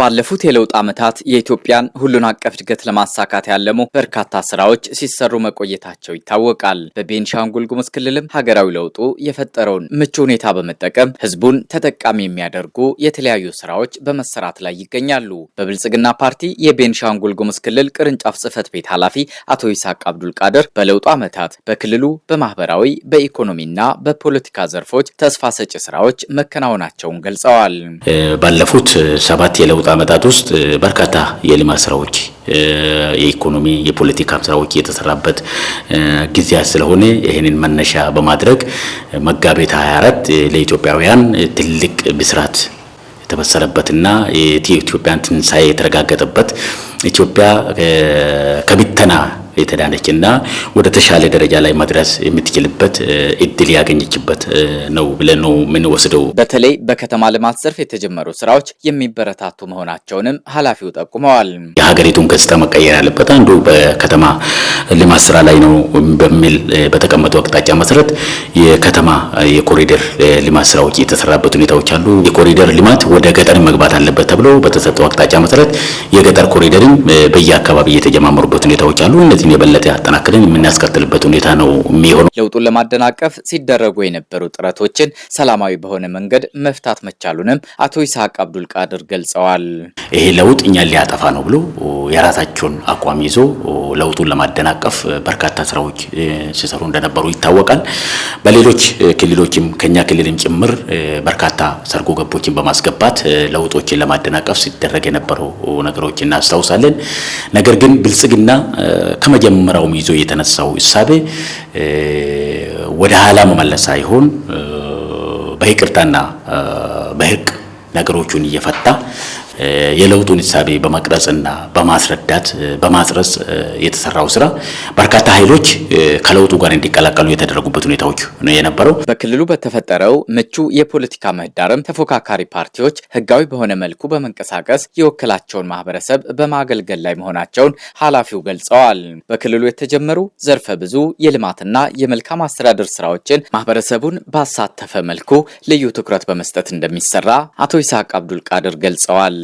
ባለፉት የለውጥ ዓመታት የኢትዮጵያን ሁሉን አቀፍ እድገት ለማሳካት ያለሙ በርካታ ስራዎች ሲሰሩ መቆየታቸው ይታወቃል። በቤንሻንጉል ጉሙዝ ክልልም ሀገራዊ ለውጡ የፈጠረውን ምቹ ሁኔታ በመጠቀም ህዝቡን ተጠቃሚ የሚያደርጉ የተለያዩ ስራዎች በመሰራት ላይ ይገኛሉ። በብልጽግና ፓርቲ የቤንሻንጉል ጉሙዝ ክልል ቅርንጫፍ ጽህፈት ቤት ኃላፊ አቶ ይስሐቅ አብዱልቃድር ቃድር በለውጡ ዓመታት በክልሉ በማህበራዊ በኢኮኖሚና በፖለቲካ ዘርፎች ተስፋ ሰጪ ስራዎች መከናወናቸውን ገልጸዋል። ባለፉት ሰባት የለውጥ በአመታት ውስጥ በርካታ የልማት ስራዎች የኢኮኖሚ የፖለቲካም ስራዎች የተሰራበት ጊዜያት ስለሆነ ይህንን መነሻ በማድረግ መጋቢት 24 ለኢትዮጵያውያን ትልቅ ብስራት የተበሰረበትና የኢትዮጵያን ትንሳኤ የተረጋገጠበት ኢትዮጵያ ከብተና የተዳነችና ወደ ተሻለ ደረጃ ላይ መድረስ የምትችልበት እድል ያገኘችበት ነው ብለን ነው የምንወስደው። በተለይ በከተማ ልማት ዘርፍ የተጀመሩ ስራዎች የሚበረታቱ መሆናቸውንም ኃላፊው ጠቁመዋል። የሀገሪቱን ገጽታ መቀየር ያለበት አንዱ በከተማ ልማት ስራ ላይ ነው በሚል በተቀመጡ አቅጣጫ መሰረት የከተማ የኮሪደር ልማት ስራዎች የተሰራበት ሁኔታዎች አሉ። የኮሪደር ልማት ወደ ገጠር መግባት አለበት ተብሎ በተሰጠው አቅጣጫ መሰረት የገጠር ኮሪደርም በየአካባቢ የተጀማመሩበት ሁኔታዎች አሉ። እነዚህን የበለጠ ያጠናክርን የምናስከትልበት ሁኔታ ነው የሚሆነው። ለውጡን ለማደናቀፍ ሲደረጉ የነበሩ ጥረቶችን ሰላማዊ በሆነ መንገድ መፍታት መቻሉንም አቶ ይስሐቅ አብዱል ቃድር ገልጸዋል። ይሄ ለውጥ እኛን ሊያጠፋ ነው ብሎ የራሳቸውን አቋም ይዞ ለውጡን ለማደናቀፍ በርካታ ስራዎች ሲሰሩ እንደነበሩ ይታወቃል። በሌሎች ክልሎችም ከኛ ክልልም ጭምር በርካታ ሰርጎ ገቦችን በማስገባት ለውጦችን ለማደናቀፍ ሲደረግ የነበረው ነገሮች እናስታውሳለን። ነገር ግን ብልጽግና ከመጀመሪያውም ይዞ የተነሳው እሳቤ ወደ ኋላ መመለስ ሳይሆን በይቅርታና በህግ ነገሮቹን እየፈታ የለውጡን እሳቤ በመቅረጽና በማስረዳት በማስረጽ የተሰራው ስራ በርካታ ኃይሎች ከለውጡ ጋር እንዲቀላቀሉ የተደረጉበት ሁኔታዎች ነው የነበረው። በክልሉ በተፈጠረው ምቹ የፖለቲካ ምህዳርም ተፎካካሪ ፓርቲዎች ህጋዊ በሆነ መልኩ በመንቀሳቀስ የወከላቸውን ማህበረሰብ በማገልገል ላይ መሆናቸውን ኃላፊው ገልጸዋል። በክልሉ የተጀመሩ ዘርፈ ብዙ የልማትና የመልካም አስተዳደር ስራዎችን ማህበረሰቡን ባሳተፈ መልኩ ልዩ ትኩረት በመስጠት እንደሚሰራ አቶ ይስሐቅ አብዱል ቃድር ገልጸዋል።